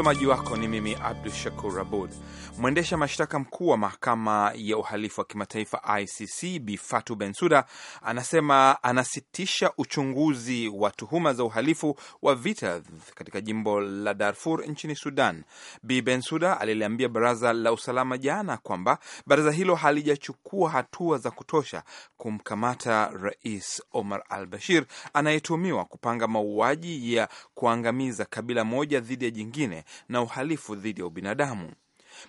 Msomaji wako ni mimi Abdu Shakur Abud. Mwendesha mashtaka mkuu wa mahakama ya uhalifu wa kimataifa ICC Bifatu Bensuda anasema anasitisha uchunguzi wa tuhuma za uhalifu wa vita katika jimbo la Darfur nchini Sudan. Bi Bensuda aliliambia baraza la usalama jana kwamba baraza hilo halijachukua hatua za kutosha kumkamata Rais Omar al Bashir anayetuhumiwa kupanga mauaji ya kuangamiza kabila moja dhidi ya jingine na uhalifu dhidi ya ubinadamu.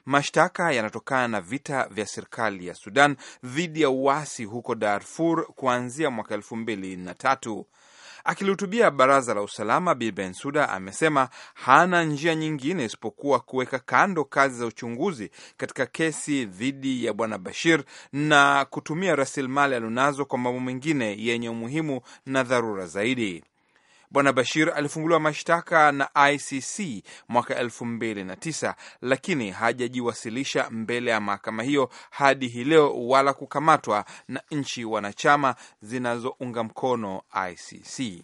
Mashtaka yanatokana na vita vya serikali ya Sudan dhidi ya uasi huko Darfur kuanzia mwaka elfu mbili na tatu. Akilihutubia baraza la usalama, Bi Bensuda amesema hana njia nyingine isipokuwa kuweka kando kazi za uchunguzi katika kesi dhidi ya bwana Bashir na kutumia rasilimali alionazo kwa mambo mengine yenye umuhimu na dharura zaidi. Bwana Bashir alifunguliwa mashtaka na ICC mwaka elfu mbili na tisa lakini hajajiwasilisha mbele ya mahakama hiyo hadi hii leo wala kukamatwa na nchi wanachama zinazounga mkono ICC.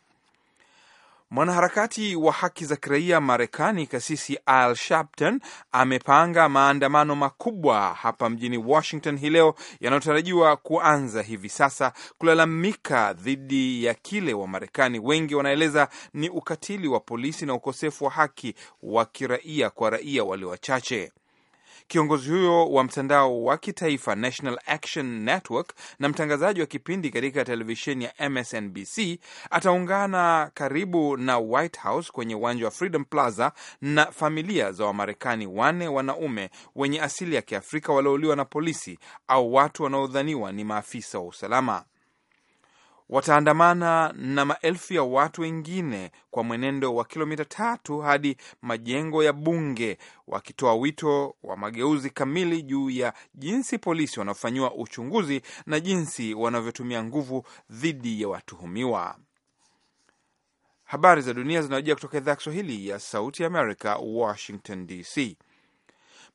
Mwanaharakati wa haki za kiraia Marekani, kasisi Al Sharpton amepanga maandamano makubwa hapa mjini Washington hii leo yanayotarajiwa kuanza hivi sasa kulalamika dhidi ya kile Wamarekani wengi wanaeleza ni ukatili wa polisi na ukosefu wa haki wa kiraia kwa raia walio wachache. Kiongozi huyo wa mtandao wa kitaifa National Action Network na mtangazaji wa kipindi katika televisheni ya MSNBC ataungana karibu na White House kwenye uwanja wa Freedom Plaza na familia za Wamarekani wane wanaume wenye asili ya Kiafrika waliouliwa na polisi au watu wanaodhaniwa ni maafisa wa usalama wataandamana na maelfu ya watu wengine kwa mwenendo wa kilomita tatu hadi majengo ya bunge wakitoa wito wa mageuzi kamili juu ya jinsi polisi wanaofanyiwa uchunguzi na jinsi wanavyotumia nguvu dhidi ya watuhumiwa. Habari za dunia zinawajia kutoka idhaa ya Kiswahili ya Sauti ya Amerika, Washington DC.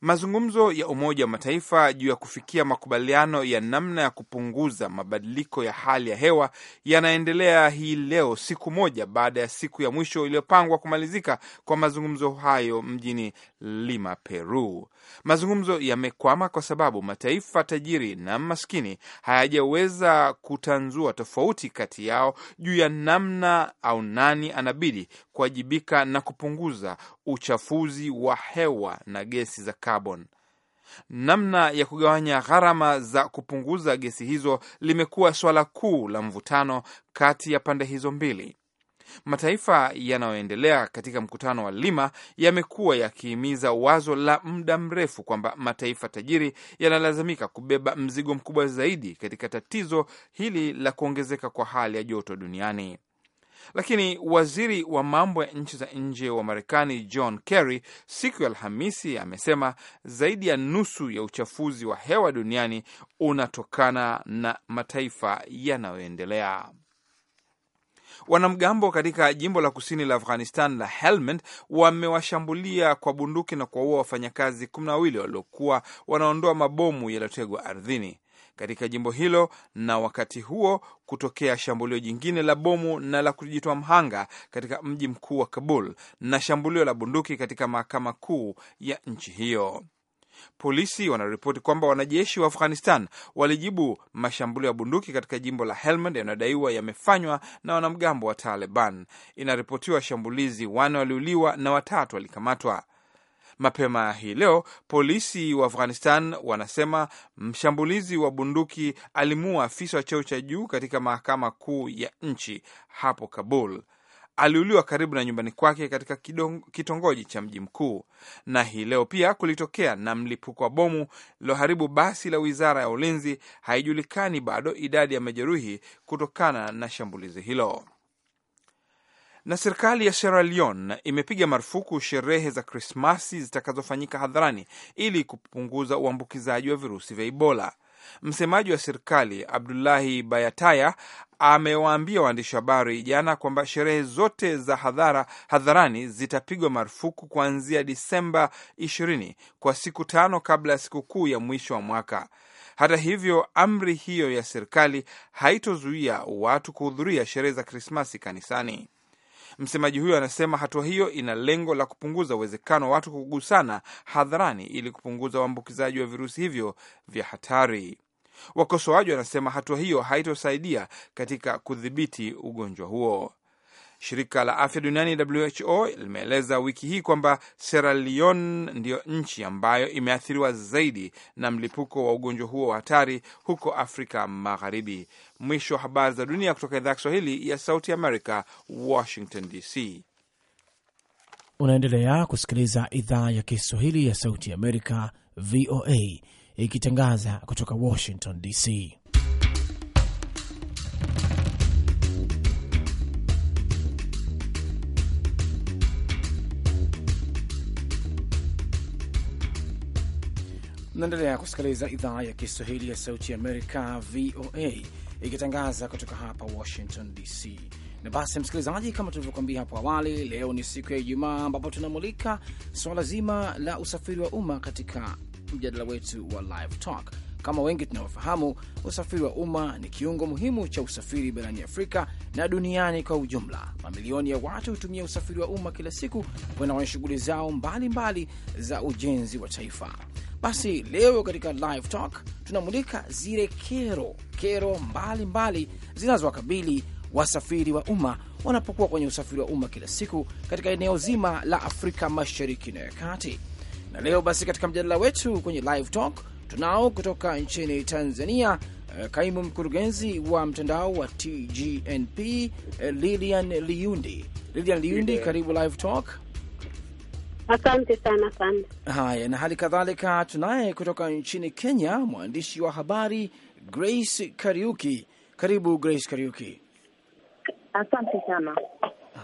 Mazungumzo ya Umoja wa Mataifa juu ya kufikia makubaliano ya namna ya kupunguza mabadiliko ya hali ya hewa yanaendelea hii leo, siku moja baada ya siku ya mwisho iliyopangwa kumalizika kwa mazungumzo hayo mjini Lima, Peru. Mazungumzo yamekwama kwa sababu mataifa tajiri na maskini hayajaweza kutanzua tofauti kati yao juu ya namna au nani anabidi kuwajibika na kupunguza uchafuzi wa hewa na gesi za carbon. Namna ya kugawanya gharama za kupunguza gesi hizo limekuwa swala kuu la mvutano kati ya pande hizo mbili. Mataifa yanayoendelea katika mkutano wa Lima yamekuwa yakihimiza wazo la muda mrefu kwamba mataifa tajiri yanalazimika kubeba mzigo mkubwa zaidi katika tatizo hili la kuongezeka kwa hali ya joto duniani. Lakini waziri wa mambo ya nchi za nje wa Marekani John Kerry siku ya Alhamisi amesema zaidi ya nusu ya uchafuzi wa hewa duniani unatokana na mataifa yanayoendelea. Wanamgambo katika jimbo la kusini la Afghanistan la Helmand wamewashambulia kwa bunduki na kuwaua wafanyakazi kumi na wawili waliokuwa wanaondoa mabomu yaliyotegwa ardhini katika jimbo hilo, na wakati huo kutokea shambulio jingine la bomu na la kujitoa mhanga katika mji mkuu wa Kabul na shambulio la bunduki katika mahakama kuu ya nchi hiyo. Polisi wanaripoti kwamba wanajeshi wa Afghanistan walijibu mashambulio ya bunduki katika jimbo la Helmand yanayodaiwa yamefanywa na wanamgambo wa Taliban. Inaripotiwa shambulizi wane waliuliwa na watatu walikamatwa. Mapema hii leo polisi wa Afghanistan wanasema mshambulizi wa bunduki alimuua afisa wa cheo cha juu katika mahakama kuu ya nchi hapo Kabul. Aliuliwa karibu na nyumbani kwake katika kitongoji cha mji mkuu. Na hii leo pia kulitokea na mlipuko wa bomu lililoharibu basi la wizara ya ulinzi. Haijulikani bado idadi ya majeruhi kutokana na shambulizi hilo. Na serikali ya Sierra Leone imepiga marufuku sherehe za Krismasi zitakazofanyika hadharani ili kupunguza uambukizaji wa virusi vya Ebola. Msemaji wa serikali Abdulahi Bayataya amewaambia waandishi habari jana kwamba sherehe zote za hadhara hadharani zitapigwa marufuku kuanzia Disemba 20 kwa siku tano kabla ya sikukuu ya mwisho wa mwaka. Hata hivyo, amri hiyo ya serikali haitozuia watu kuhudhuria sherehe za Krismasi kanisani. Msemaji huyo anasema hatua hiyo ina lengo la kupunguza uwezekano wa watu kugusana hadharani ili kupunguza uambukizaji wa virusi hivyo vya hatari. Wakosoaji wanasema hatua hiyo haitosaidia katika kudhibiti ugonjwa huo. Shirika la afya duniani WHO limeeleza wiki hii kwamba Sierra Leone ndiyo nchi ambayo imeathiriwa zaidi na mlipuko wa ugonjwa huo wa hatari huko Afrika Magharibi. Mwisho wa habari za dunia kutoka idhaa ya Kiswahili ya Sauti Amerika, Washington DC. Unaendelea kusikiliza idhaa ya Kiswahili ya Sauti Amerika, VOA, ikitangaza kutoka Washington DC. Mnaendelea kusikiliza idhaa ya Kiswahili ya Sauti ya Amerika, VOA, ikitangaza kutoka hapa Washington DC. Na basi, msikilizaji, kama tulivyokuambia hapo awali, leo ni siku ya Ijumaa ambapo tunamulika swala zima la usafiri wa umma katika mjadala wetu wa Live Talk. Kama wengi tunavyofahamu, usafiri wa umma ni kiungo muhimu cha usafiri barani Afrika na duniani kwa ujumla. Mamilioni ya watu hutumia usafiri wa umma kila siku kwenda kwenye shughuli zao mbalimbali mbali za ujenzi wa taifa. Basi leo katika live talk tunamulika zile kero, kero mbalimbali zinazowakabili wasafiri wa umma wanapokuwa kwenye usafiri wa umma kila siku katika eneo zima la Afrika Mashariki na ya Kati. Na leo basi katika mjadala wetu kwenye live talk tunao kutoka nchini Tanzania eh, kaimu mkurugenzi wa mtandao wa TGNP eh, Lilian Liundi. Lilian Liundi, karibu live talk. Asante sana sana. Haya, na hali kadhalika tunaye kutoka nchini Kenya mwandishi wa habari Grace Kariuki. Karibu Grace Kariuki. Asante sana.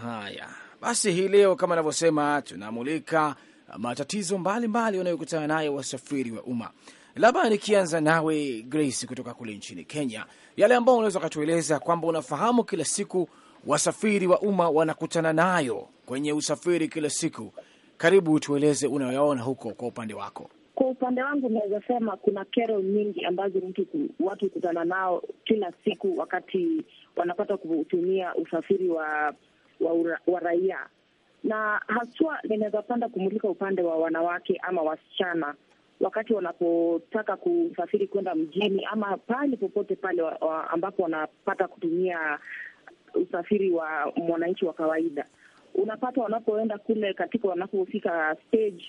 Haya basi, hii leo kama anavyosema tunamulika matatizo mbalimbali wanayokutana nayo wasafiri wa umma. Labda nikianza nawe Grace, kutoka kule nchini Kenya, yale ambayo unaweza ukatueleza kwamba unafahamu kila siku wasafiri wa umma wanakutana nayo kwenye usafiri kila siku, karibu tueleze unayoyaona huko kwa upande wako. Kwa upande wangu naweza sema kuna kero nyingi ambazo mtu watu hukutana nao kila siku wakati wanapata kutumia usafiri wa wa, ura, wa raia, na haswa ninaweza panda kumulika upande wa wanawake ama wasichana wakati wanapotaka kusafiri kwenda mjini ama pale popote pale wa, wa, ambapo wanapata kutumia usafiri wa mwananchi wa kawaida unapata wanapoenda kule katika wanapofika stage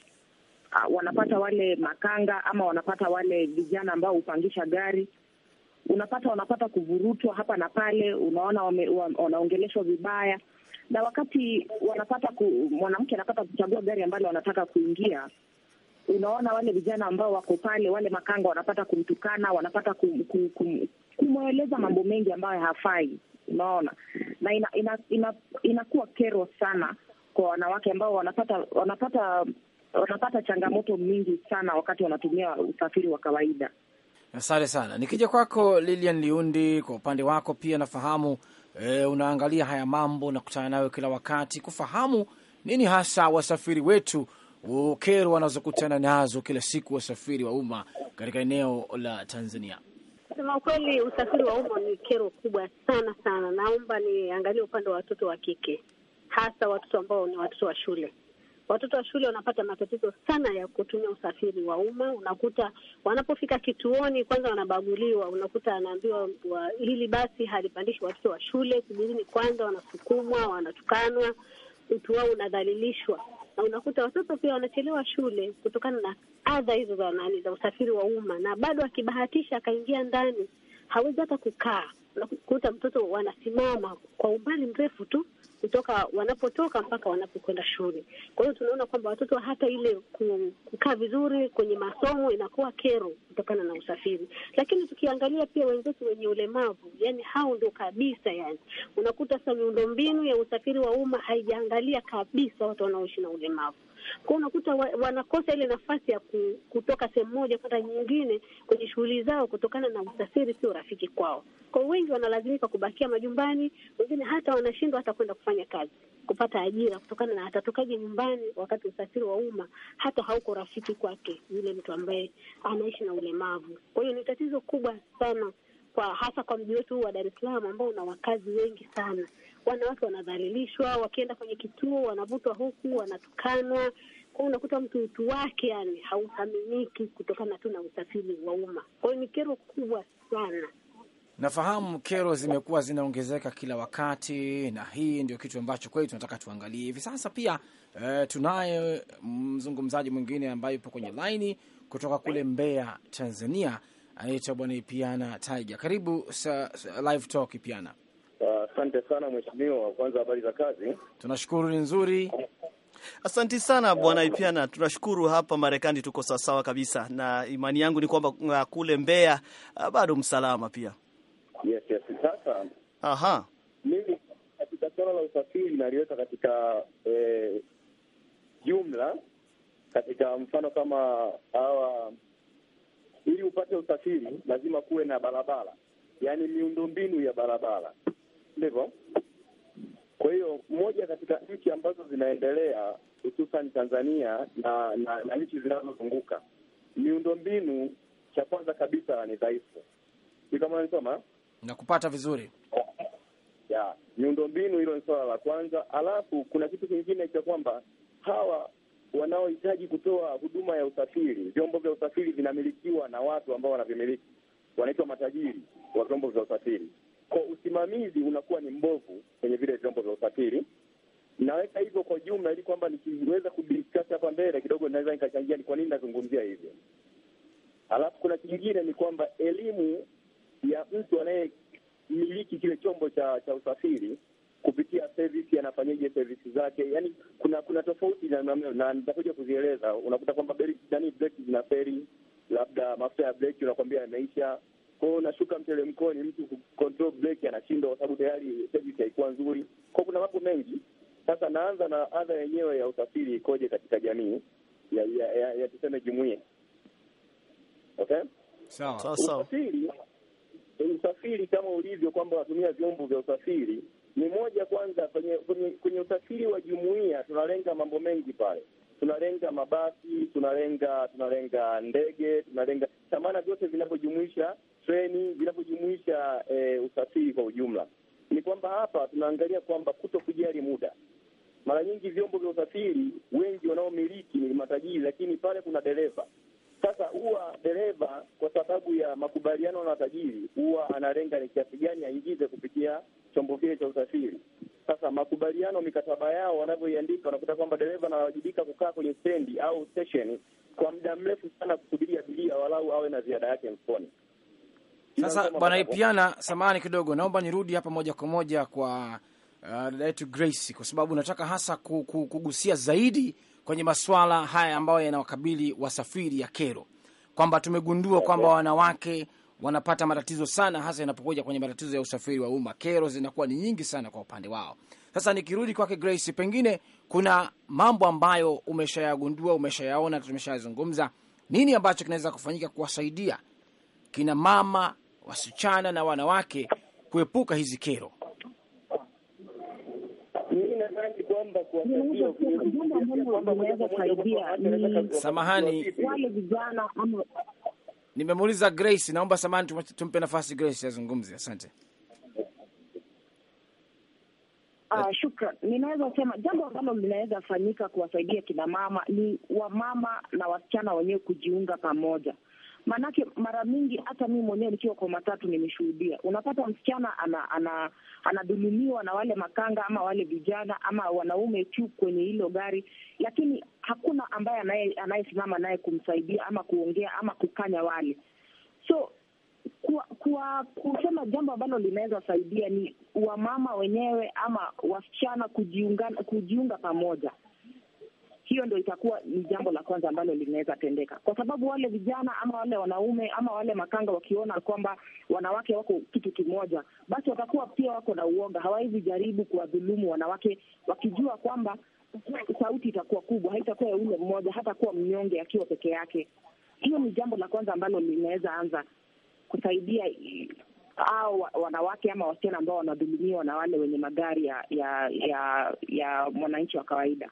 uh, wanapata mm. wale makanga ama wanapata wale vijana ambao hupangisha gari, unapata wanapata kuvurutwa hapa na pale, unaona wanaongeleshwa vibaya, na wakati wanapata ku, mwanamke anapata kuchagua gari ambalo wanataka kuingia unaona wale vijana ambao wako pale, wale makanga wanapata kumtukana, wanapata kum, kum, kum, kumweleza mambo mengi ambayo hafai, unaona, na ina, ina, ina, inakuwa kero sana kwa wanawake ambao wanapata wanapata wanapata changamoto mingi sana wakati wanatumia usafiri wa kawaida. Asante sana. Nikija kwako Lilian Liundi, kwa upande wako pia nafahamu e, unaangalia haya mambo, kutana nayo kila wakati, kufahamu nini hasa wasafiri wetu kero wanazokutana nazo kila siku, wasafiri wa umma katika eneo la Tanzania. Kusema ukweli, usafiri wa umma ni kero kubwa sana sana. Naomba niangalie upande wa watoto wa kike, hasa watoto ambao ni watoto wa shule. Watoto wa shule wanapata matatizo sana ya kutumia usafiri wa umma. Unakuta wanapofika kituoni, kwanza wanabaguliwa. Unakuta anaambiwa hili basi halipandishi watoto wa shule. Kibirini kwanza wanasukumwa, wanatukanwa, utu wao unadhalilishwa na unakuta watoto pia wanachelewa shule kutokana na adha hizo za nani za usafiri wa umma, na bado akibahatisha akaingia ndani hawezi hata kukaa unakuta mtoto wanasimama kwa umbali mrefu tu kutoka wanapotoka mpaka wanapokwenda shule. Kwa hiyo tunaona kwamba watoto hata ile kukaa vizuri kwenye masomo inakuwa kero kutokana na usafiri. Lakini tukiangalia pia wenzetu wenye ulemavu, yani hao ndio kabisa, yani unakuta sasa miundombinu ya usafiri wa umma haijaangalia kabisa watu wanaoishi na ulemavu kwao, unakuta wa, wanakosa ile nafasi ya ku, kutoka sehemu moja kwenda nyingine kwenye shughuli zao kutokana na usafiri sio rafiki kwao. Kwa wengi wanalazimika kubakia majumbani, wengine hata wanashindwa hata kwenda kufanya kazi, kupata ajira kutokana na atatokaje nyumbani wakati usafiri wa umma hata hauko rafiki kwake, yule mtu ambaye anaishi na ulemavu. Kwa hiyo ni tatizo kubwa sana kwa hasa kwa mji wetu huu wa Dar es Salaam ambao una wakazi wengi sana wanawake wanadhalilishwa, wakienda kwenye kituo wanavutwa huku, wanatukanwa. kwao unakuta mtu utu wake yani hauthaminiki kutokana tu na usafiri wa umma. Kwa hiyo ni kero kubwa sana. Nafahamu kero zimekuwa zinaongezeka kila wakati, na hii ndio kitu ambacho kweli tunataka tuangalie hivi sasa. Pia e, tunaye mzungumzaji mwingine ambaye yupo kwenye laini kutoka kule Mbeya, Tanzania, anaitwa Bwana Ipiana Taiga. Karibu sa, sa, Live Talk Ipiana. Asante sana mheshimiwa. Kwanza, habari za kazi? Tunashukuru, ni nzuri. Asanti sana Bwana Ipiana, tunashukuru. Hapa Marekani tuko sawasawa kabisa, na imani yangu ni kwamba uh, kule Mbeya uh, bado msalama pia. Yes, yes. Sasa aha, mimi katika swala la usafiri naliweka katika eh, jumla katika mfano kama hawa, ili upate usafiri lazima kuwe na barabara, yaani miundombinu ya barabara ndivyo. Kwa hiyo moja katika nchi ambazo zinaendelea hususan Tanzania na na, na nchi zinazozunguka miundombinu, cha kwanza kabisa ni dhaifu. Ni kama nanisoma na kupata vizuri ya miundombinu, hilo ni suala la kwanza. Halafu kuna kitu kingine cha kwamba hawa wanaohitaji kutoa huduma ya usafiri, vyombo vya usafiri vinamilikiwa na watu ambao wanavimiliki, wanaitwa matajiri wa vyombo vya usafiri kwa usimamizi unakuwa ni mbovu kwenye vile vyombo vya usafiri. Naweka hivyo kwa jumla, ili kwamba nikiweza kudiskasi hapa mbele kidogo, naweza nikachangia ni kwa nini nazungumzia hivyo. Alafu kuna kingine ni kwamba elimu ya mtu anayemiliki kile chombo cha cha usafiri kupitia service, anafanyaje service zake, yani kuna kuna tofauti na, na, na nitakuja kuzieleza. Unakuta kwamba breki zina feri, labda mafuta ya breki unakwambia yameisha kwao unashuka mteremkoni, mtu kucontrol breki anashindwa, kwa sababu tayari service haikuwa nzuri. Kwao kuna mambo mengi. Sasa naanza na adha yenyewe ya usafiri ikoje katika jamii ya, ya, ya, ya tuseme jumuia. Okay, sawa sawa. Usafiri, usafiri kama ulivyo kwamba watumia vyombo vya usafiri ni moja kwanza. Kwenye, kwenye, kwenye usafiri wa jumuia tunalenga mambo mengi pale tunalenga mabasi, tunalenga tunalenga ndege, tunalenga thamana vyote vinavyojumuisha treni, vinavyojumuisha eh, usafiri kwa ujumla. Ni kwamba hapa tunaangalia kwamba kuto kujali muda. Mara nyingi vyombo vya usafiri wengi wanaomiliki ni matajiri, lakini pale kuna dereva. Sasa huwa dereva kwa sababu ya makubaliano na watajiri, huwa analenga ni kiasi gani aingize kupitia chombo kile cha usafiri. Sasa makubaliano, mikataba yao wanavyoiandika, wanakuta kwamba dereva anawajibika kukaa kwenye stendi au stesheni kwa muda mrefu sana kusubiri abiria, walau awe na ziada yake mfukoni. Sasa bwana Ipiana, samahani kidogo, naomba nirudi hapa moja kwa moja kwa uh, dada yetu Grace, kwa sababu nataka hasa kugusia zaidi kwenye masuala haya ambayo yanawakabili wasafiri ya kero, kwamba tumegundua kwamba wanawake wanapata matatizo sana, hasa inapokuja kwenye matatizo ya usafiri wa umma. Kero zinakuwa ni nyingi sana kwa upande wao. Sasa nikirudi kwake Grace, pengine kuna mambo ambayo umeshayagundua, umeshayaona, tumeshayazungumza. Nini ambacho kinaweza kufanyika kuwasaidia kina mama, wasichana na wanawake kuepuka hizi kero? Samahani, Nimemuuliza Grace, naomba samani, tumpe nafasi Grace azungumze. Asante. Uh, shukran. Ninaweza sema jambo ambalo linaweza fanyika kuwasaidia kina mama ni wamama na wasichana wenyewe kujiunga pamoja Maanake mara mingi hata mimi mwenyewe nikiwa kwa matatu nimeshuhudia, unapata msichana anadhulumiwa ana, ana na wale makanga ama wale vijana ama wanaume tu kwenye hilo gari, lakini hakuna ambaye anayesimama naye kumsaidia ama kuongea ama kukanya wale so kwa, kwa kusema jambo ambalo linaweza saidia ni wamama wenyewe ama wasichana kujiunga, kujiunga pamoja hiyo ndo itakuwa ni jambo la kwanza ambalo linaweza tendeka, kwa sababu wale vijana ama wale wanaume ama wale makanga wakiona kwamba wanawake wako kitu kimoja, basi watakuwa pia wako na uoga, hawawezi jaribu kuwadhulumu wanawake wakijua kwamba sauti itakuwa kubwa, haitakuwa ya ule mmoja, hata kuwa mnyonge akiwa peke yake. Hiyo ni jambo la kwanza ambalo linaweza anza kusaidia au wanawake ama wasichana ambao wanadhulumiwa na wale wenye magari ya ya ya, ya mwananchi wa kawaida.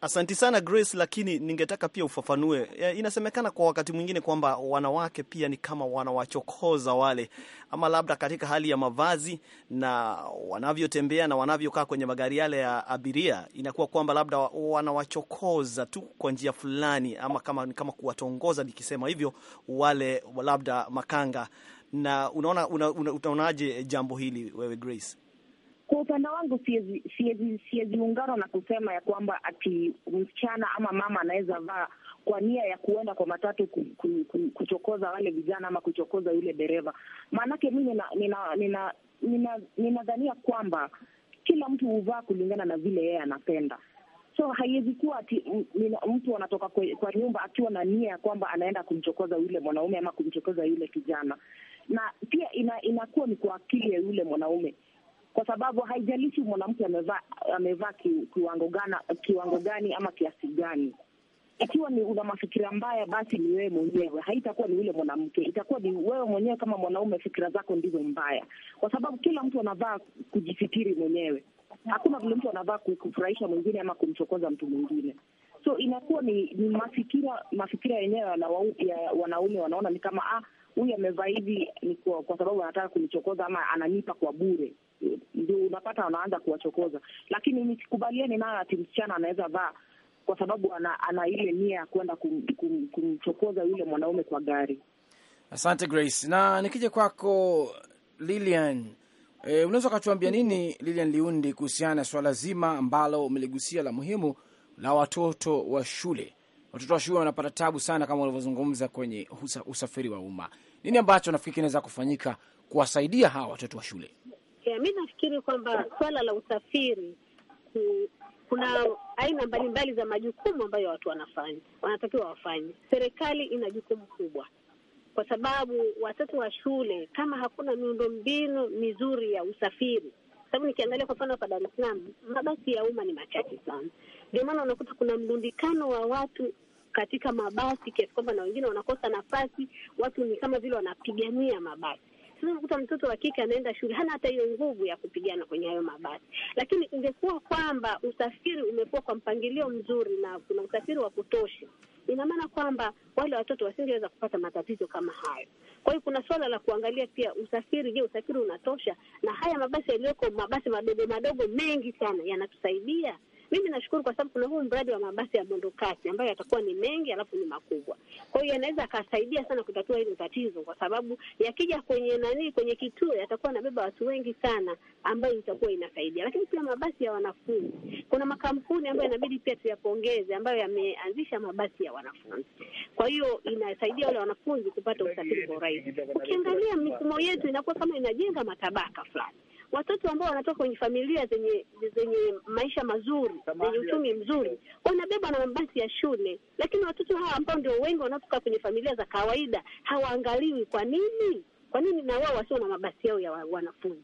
Asanti sana Grace, lakini ningetaka pia ufafanue. Eh, inasemekana kwa wakati mwingine kwamba wanawake pia ni kama wanawachokoza wale, ama labda katika hali ya mavazi na wanavyotembea na wanavyokaa kwenye magari yale ya abiria, inakuwa kwamba labda wanawachokoza tu kwa njia fulani, ama kama, kama kuwatongoza, nikisema hivyo, wale labda makanga. Na unaona, una, una, utaonaje jambo hili wewe Grace? Kwa upande wangu siwezi na kusema ya kwamba ati msichana ama mama anaweza vaa kwa nia ya kuenda kwa matatu kuchokoza wale vijana ama kuchokoza yule dereva. Maanake mi ninadhania nina, nina, nina kwamba kila mtu huvaa kulingana na vile yeye anapenda, so haiwezi kuwa ati mtu anatoka kwa nyumba akiwa na nia ya kwamba anaenda kumchokoza yule mwanaume ama kumchokoza yule kijana, na pia ina, inakuwa ni kwa akili ya yule mwanaume kwa sababu haijalishi mwanamke amevaa amevaa kiwango gana kiwango gani ama kiasi gani. Ikiwa ni una mafikira mbaya, basi ni wewe mwenyewe, haitakuwa ni yule mwanamke, itakuwa ni wewe mwenyewe kama mwanaume. Fikira zako ndizo mbaya, kwa sababu kila mtu anavaa kujifikiri mwenyewe. Hakuna vile mtu anavaa kufurahisha mwingine ama kumchokoza mtu mwingine. So inakuwa ni, ni mafikira mafikira yenyewe ya wanaume, wanaona ni kama ah, huyu amevaa hivi ni kwa, kwa sababu anataka kunichokoza ama ananipa kwa bure ndio unapata wanaanza kuwachokoza, lakini nikikubaliani nayo ati msichana anaweza vaa kwa sababu ana, ana ile nia ya kuenda kum, kum, kumchokoza yule mwanaume kwa gari. Asante Grace, na nikija kwako Lilian, e, unaweza ukatuambia mm-hmm. nini Lilian Liundi kuhusiana na swala zima ambalo umeligusia la muhimu la watoto wa shule? Watoto wa shule wanapata tabu sana kama walivyozungumza kwenye usafiri wa umma. Nini ambacho nafikiri kinaweza kufanyika kuwasaidia hawa watoto wa shule? Yeah, mi nafikiri kwamba swala la usafiri kuna aina mbalimbali za majukumu ambayo watu wanafanya wanatakiwa wafanye. Serikali ina jukumu kubwa, kwa sababu watoto wa shule kama hakuna miundombinu mizuri ya usafiri, sababu nikiangalia kwa mfano hapa Dar es Salaam mabasi ya umma ni machache sana, ndio maana unakuta kuna mrundikano wa watu katika mabasi kiasi kwamba na wengine wanakosa nafasi. Watu ni kama vile wanapigania mabasi unakuta mtoto wa kike anaenda shule hana hata hiyo nguvu ya kupigana kwenye hayo mabasi. Lakini ingekuwa kwamba usafiri umekuwa kwa mpangilio mzuri na kuna usafiri wa kutosha, ina maana kwamba wale watoto wasingeweza kupata matatizo kama hayo. Kwa hiyo kuna suala la kuangalia pia usafiri. Je, usafiri unatosha? Na haya mabasi yaliyoko, mabasi madogo madogo mengi sana, yanatusaidia mimi nashukuru kwa sababu kuna huu mradi wa mabasi ya mwendokasi ambayo yatakuwa ni mengi alafu ni makubwa, kwa hiyo yanaweza akasaidia sana kutatua hilo tatizo, kwa sababu yakija kwenye nani, kwenye kituo yatakuwa nabeba watu wengi sana, ambayo itakuwa inasaidia. Lakini pia mabasi ya wanafunzi, kuna makampuni ambayo inabidi pia tuyapongeze, ambayo yameanzisha mabasi ya wanafunzi, kwa hiyo inasaidia wale wanafunzi kupata usafiri kwa urahisi. Ukiangalia mifumo yetu inakuwa kama inajenga matabaka fulani watoto ambao wanatoka kwenye familia zenye zenye maisha mazuri zenye uchumi mzuri wanabebwa na mabasi ya shule, lakini watoto hawa ambao ndio wengi wanatoka kwenye familia za kawaida hawaangaliwi. Kwa nini? Kwa nini na wao wasio na mabasi yao ya wanafunzi?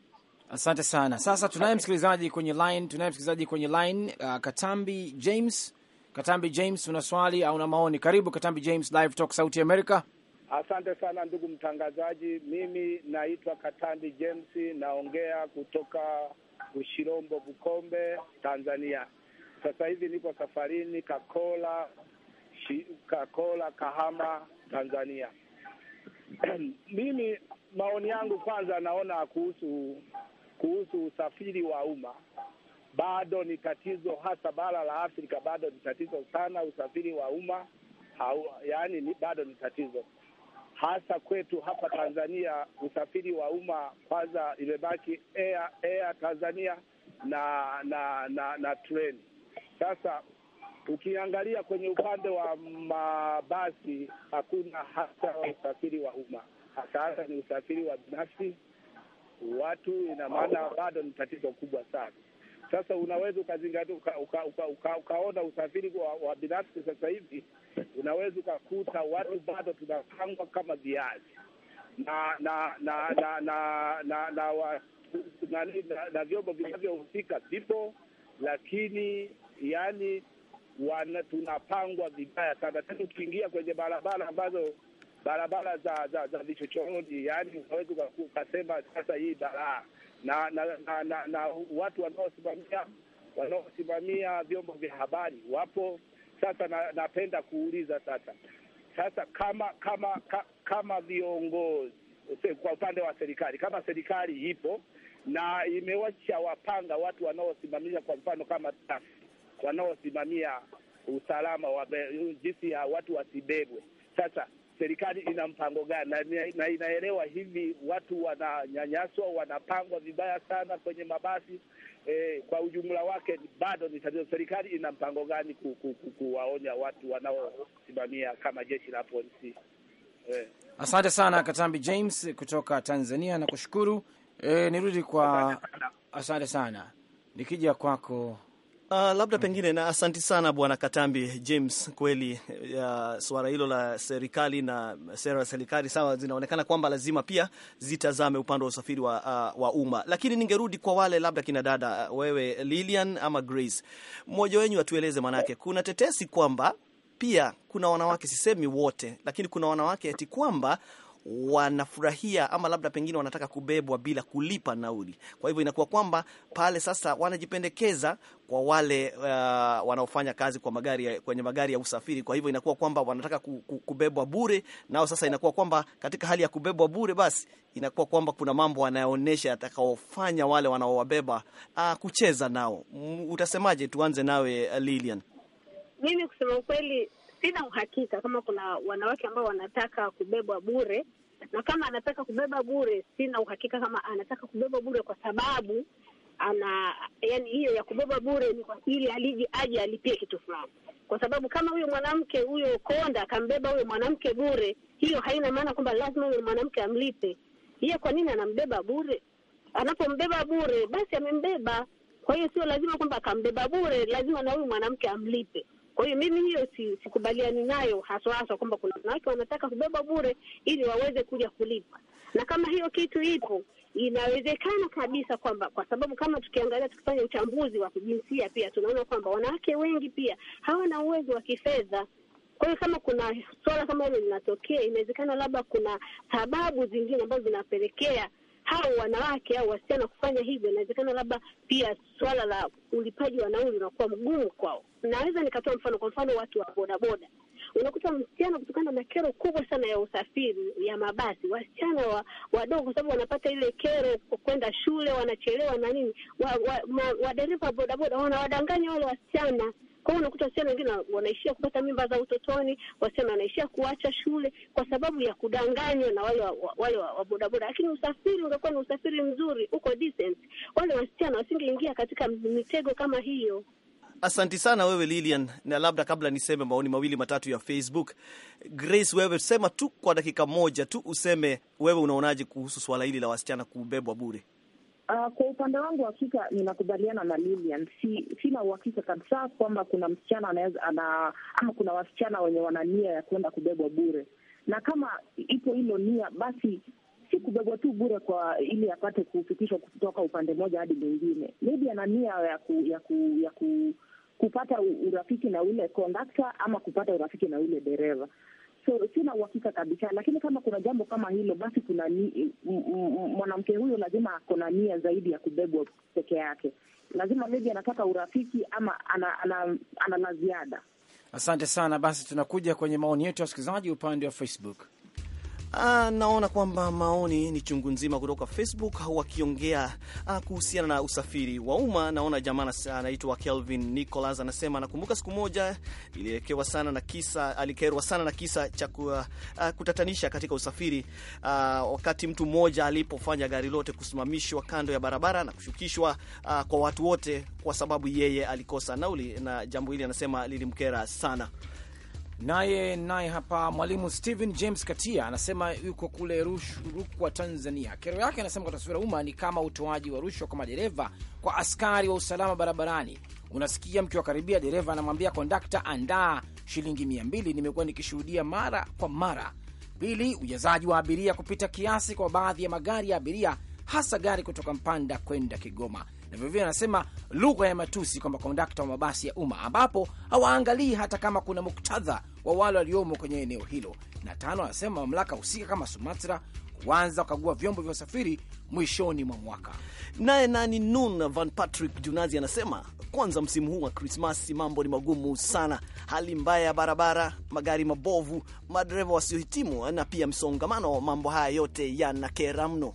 Asante sana. Sasa tunaye msikilizaji kwenye line, tunaye msikilizaji kwenye line uh, Katambi James. Katambi James, una swali au una maoni? Karibu Katambi James, Live Talk, Sauti America. Asante sana ndugu mtangazaji. Mimi naitwa Katandi James, naongea kutoka Ushirombo, Bukombe, Tanzania. Sasa hivi niko safarini Kakola, shi, Kakola, Kahama, Tanzania. Mimi maoni yangu kwanza, naona kuhusu kuhusu usafiri wa umma bado ni tatizo, hasa bara la Afrika bado ni tatizo sana. Usafiri wa umma yaani ni, bado ni tatizo hasa kwetu hapa Tanzania, usafiri wa umma kwanza imebaki air, air Tanzania na na na, na treni. Sasa ukiangalia kwenye upande wa mabasi hakuna hasa usafiri wa umma, hasa hasa ni usafiri wa binafsi watu, ina maana bado ni tatizo kubwa sana. Sasa unaweza ukazingatia uka, uka, uka, uka, ukaona usafiri wa, wa binafsi sasa hivi unaweza ukakuta watu bado tunapangwa kama viazi na na na na na na, na, na, na, na, na vyombo vinavyohusika vipo, lakini yani wana tunapangwa vibaya sana. Tena ukiingia kwenye barabara ambazo barabara za za, za vichochoroni, yani unaweza ukasema sasa hii baraa na na, na, na, na watu wanaosimamia wanaosimamia vyombo vya habari wapo. Sasa na, napenda kuuliza sasa sasa kama kama ka, kama viongozi kwa upande wa serikali, kama serikali ipo na imewacha wapanga watu wanaosimamia, kwa mfano kama TASC wanaosimamia usalama wa jinsi ya watu wasibebwe, sasa serikali ina mpango gani na, na inaelewa hivi watu wananyanyaswa, wanapangwa vibaya sana kwenye mabasi eh. Kwa ujumla wake bado ni tatizo. Serikali ina mpango gani kuwaonya ku, ku, watu wanaosimamia kama jeshi la polisi eh? Asante sana Katambi James kutoka Tanzania na kushukuru eh, nirudi kwa asante sana nikija kwako Uh, labda pengine na asanti sana Bwana Katambi James, kweli uh, suala hilo la serikali na sera za serikali sawa, zinaonekana kwamba lazima pia zitazame upande wa usafiri wa, uh, wa umma, lakini ningerudi kwa wale labda kina dada, wewe Lilian ama Grace, mmoja wenyu atueleze, manake kuna tetesi kwamba pia kuna wanawake, sisemi wote, lakini kuna wanawake ati kwamba wanafurahia ama labda pengine wanataka kubebwa bila kulipa nauli. Kwa hivyo inakuwa kwamba pale sasa wanajipendekeza kwa wale uh, wanaofanya kazi kwa magari, kwenye magari ya usafiri. Kwa hivyo inakuwa kwamba wanataka kubebwa bure, nao sasa inakuwa kwamba katika hali ya kubebwa bure, basi inakuwa kwamba kuna mambo wanayoonyesha yatakaofanya wale wanaowabeba uh, kucheza nao. Utasemaje? Tuanze nawe uh, Lilian. Mimi kusema ukweli sina uhakika kama kuna wanawake ambao wanataka kubebwa bure, na kama anataka kubeba bure, sina uhakika kama anataka kubeba bure kwa sababu ana yani, hiyo ya kubeba bure ni kwa ili aliji aje alipie kitu fulani, kwa sababu kama huyo mwanamke huyo konda akambeba huyo mwanamke bure, hiyo haina maana kwamba lazima huyo mwanamke amlipe yeye. Kwa nini anambeba bure? Anapombeba bure, basi amembeba. Kwa hiyo sio lazima kwamba akambeba bure lazima na huyu mwanamke amlipe. Kwa hiyo mimi hiyo si, sikubaliani nayo haswa haswa kwamba kuna wanawake wanataka kubeba bure ili waweze kuja kulipa, na kama hiyo kitu ipo inawezekana kabisa kwamba kwa sababu kama tukiangalia tukifanya uchambuzi wa kijinsia pia tunaona kwamba wanawake wengi pia hawana uwezo wa kifedha. Kwa hiyo kama kuna swala kama hilo linatokea, inawezekana labda kuna sababu zingine ambazo zinapelekea hao wanawake au wasichana kufanya hivyo, inawezekana labda pia swala la ulipaji wa nauli unakuwa mgumu kwao. Naweza nikatoa mfano, kwa mfano watu wa bodaboda unakuta msichana kutokana na kero kubwa sana ya usafiri ya mabasi, wasichana wa wadogo, kwa sababu wanapata ile kero kwenda shule, wanachelewa na nini, wadereva wa, wa, wa bodaboda wanawadanganya wale wasichana kwa hiyo unakuta wasichana wengine wanaishia kupata mimba za utotoni, wasichana wanaishia kuacha shule kwa sababu ya kudanganywa na wale wa, wale wabodaboda wa, lakini usafiri ungekuwa ni usafiri mzuri, uko decent, wale wasichana wasingeingia katika mitego kama hiyo. Asanti sana wewe Lilian, na labda kabla niseme maoni mawili matatu ya Facebook. Grace, wewe sema tu kwa dakika moja tu, useme wewe unaonaje kuhusu swala hili la wasichana kubebwa bure? Uh, kwa upande wangu hakika ninakubaliana na Lilian. Si, sina uhakika kabisa kwamba kuna msichana anaweza ana ama kuna wasichana wenye wana nia ya kuenda kubebwa bure, na kama ipo hilo nia, basi si kubebwa tu bure kwa ili apate kufikishwa kutoka upande mmoja hadi mwingine. Maybe ana nia ya ku, ya ku, ya ku, kupata urafiki na ule kondakta ama kupata urafiki na ule dereva So sina uhakika kabisa, lakini kama kuna jambo kama hilo, basi kuna mwanamke huyo lazima ako na nia zaidi ya kubebwa peke yake, lazima maybe anataka urafiki ama ana, ana, ana la ziada. Asante sana. Basi tunakuja kwenye maoni yetu ya wasikilizaji upande wa Facebook. Ah, naona kwamba maoni ni chungu nzima kutoka Facebook wakiongea ah, kuhusiana na usafiri wa umma. Naona jamaa anaitwa Kelvin Nicholas anasema nakumbuka siku moja iliwekewa sana na kisa, alikerwa sana na kisa cha ah, ah, kutatanisha katika usafiri ah, wakati mtu mmoja alipofanya gari lote kusimamishwa kando ya barabara na kushukishwa ah, kwa watu wote kwa sababu yeye alikosa nauli, na jambo hili anasema lilimkera sana. Naye naye hapa mwalimu Stephen James Katia anasema yuko kule Rukwa, Tanzania. Kero yake anasema kwa taswira umma ni kama utoaji wa rushwa kwa madereva kwa askari wa usalama barabarani. Unasikia mkiwakaribia dereva anamwambia kondakta, andaa shilingi mia mbili. Nimekuwa nikishuhudia mara kwa mara. Pili, ujazaji wa abiria kupita kiasi kwa baadhi ya magari ya abiria, hasa gari kutoka Mpanda kwenda Kigoma na vilevile anasema lugha ya matusi kwamba kondakta wa mabasi ya umma, ambapo hawaangalii hata kama kuna muktadha wa wale waliomo kwenye eneo hilo. Na tano, anasema mamlaka husika kama SUMATRA kuanza kukagua vyombo vya usafiri mwishoni mwa mwaka. Naye nani Nun Van Patrick Junazi anasema kwanza, msimu huu wa Krismasi mambo ni magumu sana, hali mbaya ya barabara, magari mabovu, madereva wasiohitimu na pia msongamano. Mambo haya yote yanakera mno.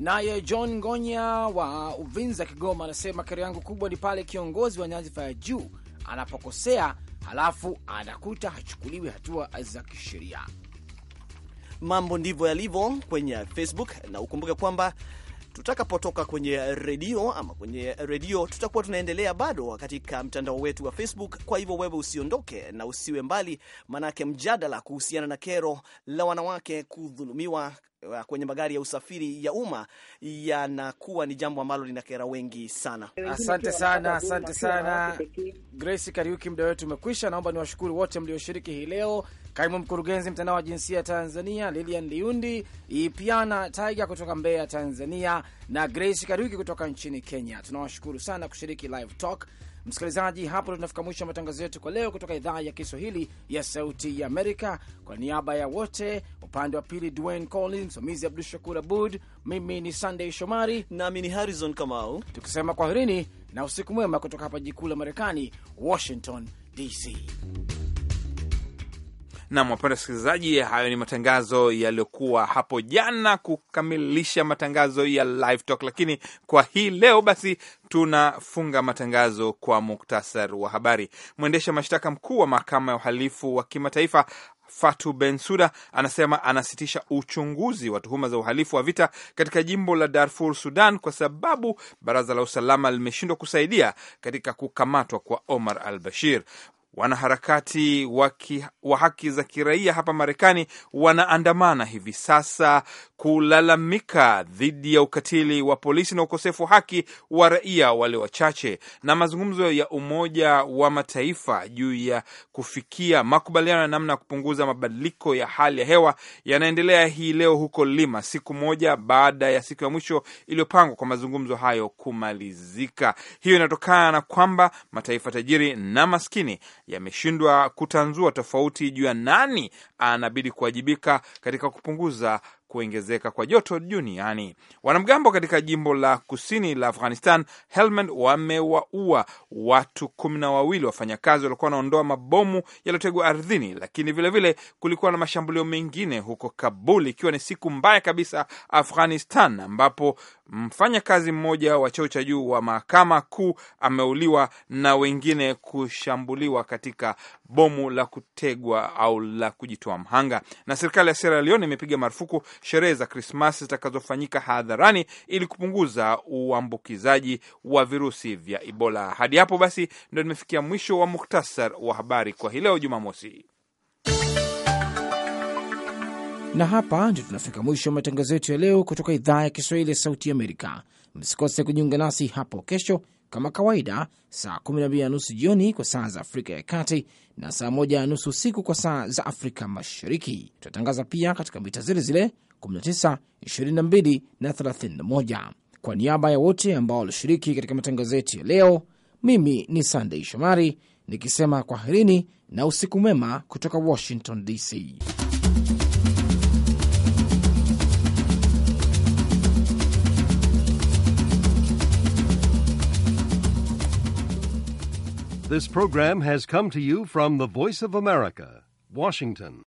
Naye John Ngonya wa Uvinza, Kigoma, anasema kero yangu kubwa ni pale kiongozi wa nyadhifa ya juu anapokosea halafu anakuta hachukuliwi hatua za kisheria. Mambo ndivyo yalivyo kwenye Facebook, na ukumbuke kwamba tutakapotoka kwenye redio ama kwenye redio, tutakuwa tunaendelea bado katika mtandao wetu wa Facebook. Kwa hivyo wewe usiondoke na usiwe mbali, manake mjadala kuhusiana na kero la wanawake kudhulumiwa uh, kwenye magari ya usafiri ya umma yanakuwa ni jambo ambalo linakera wengi sana. Asante sana, asante sana Grace Kariuki, muda wetu umekwisha. Naomba niwashukuru wote mlioshiriki hii leo. Kaimu mkurugenzi mtandao wa jinsia ya Tanzania Lilian Liundi, Ipiana Taiga kutoka Mbeya, Tanzania, na Grace Karuki kutoka nchini Kenya. Tunawashukuru sana kushiriki live talk. Msikilizaji, hapo tunafika mwisho wa matangazo yetu kwa leo kutoka idhaa ya Kiswahili ya Sauti ya Amerika. Kwa niaba ya wote, upande wa pili Dwayne Collins, msimamizi Abdu Shakur Abud, mimi ni Sunday Shomari nami ni Harrison Kamau, tukisema kwaherini na usiku mwema kutoka hapa jikuu la Marekani, Washington DC. Nam, wapenda wasikilizaji, hayo ni matangazo yaliyokuwa hapo jana kukamilisha matangazo ya Live Talk, lakini kwa hii leo basi tunafunga matangazo kwa muktasar wa habari. Mwendesha mashtaka mkuu wa mahakama ya uhalifu wa kimataifa Fatu Bensuda anasema anasitisha uchunguzi wa tuhuma za uhalifu wa vita katika jimbo la Darfur, Sudan, kwa sababu baraza la usalama limeshindwa kusaidia katika kukamatwa kwa Omar al Bashir. Wanaharakati waki, wa haki za kiraia hapa Marekani wanaandamana hivi sasa kulalamika dhidi ya ukatili wa polisi na ukosefu wa haki wa raia wale wachache. Na mazungumzo ya Umoja wa Mataifa juu ya kufikia makubaliano ya namna ya kupunguza mabadiliko ya hali ya hewa yanaendelea hii leo huko Lima, siku moja baada ya siku ya mwisho iliyopangwa kwa mazungumzo hayo kumalizika. Hiyo inatokana na kwamba mataifa tajiri na maskini yameshindwa kutanzua tofauti juu ya nani anabidi kuwajibika katika kupunguza kuongezeka kwa joto duniani. Wanamgambo katika jimbo la kusini la Afghanistan Helmand wamewaua watu kumi na wawili wafanyakazi waliokuwa wanaondoa mabomu yaliyotegwa ardhini, lakini vilevile vile kulikuwa na mashambulio mengine huko Kabul, ikiwa ni siku mbaya kabisa Afghanistan, ambapo mfanyakazi mmoja wa cheo cha juu wa mahakama kuu ameuliwa na wengine kushambuliwa katika bomu la kutegwa au la kujitoa mhanga. Na serikali ya Sierra Leone imepiga marufuku sherehe za Krismasi zitakazofanyika hadharani ili kupunguza uambukizaji wa virusi vya Ebola. Hadi hapo basi ndio nimefikia mwisho wa muktasar wa habari kwa hii leo Jumamosi, na hapa ndio tunafika mwisho wa matangazo yetu ya leo kutoka idhaa ya Kiswahili ya Sauti Amerika. Msikose kujiunga nasi hapo kesho kama kawaida saa 12 na nusu jioni kwa saa za Afrika ya Kati na saa 1 na nusu usiku kwa saa za Afrika Mashariki. tunatangaza pia katika mita zile zile 19, 22 na 31. Kwa niaba ya wote ambao walishiriki katika matangazo yetu ya leo, mimi ni Sandei Shomari nikisema kwaherini na usiku mwema kutoka Washington DC. This program has come to you from the Voice of America, Washington.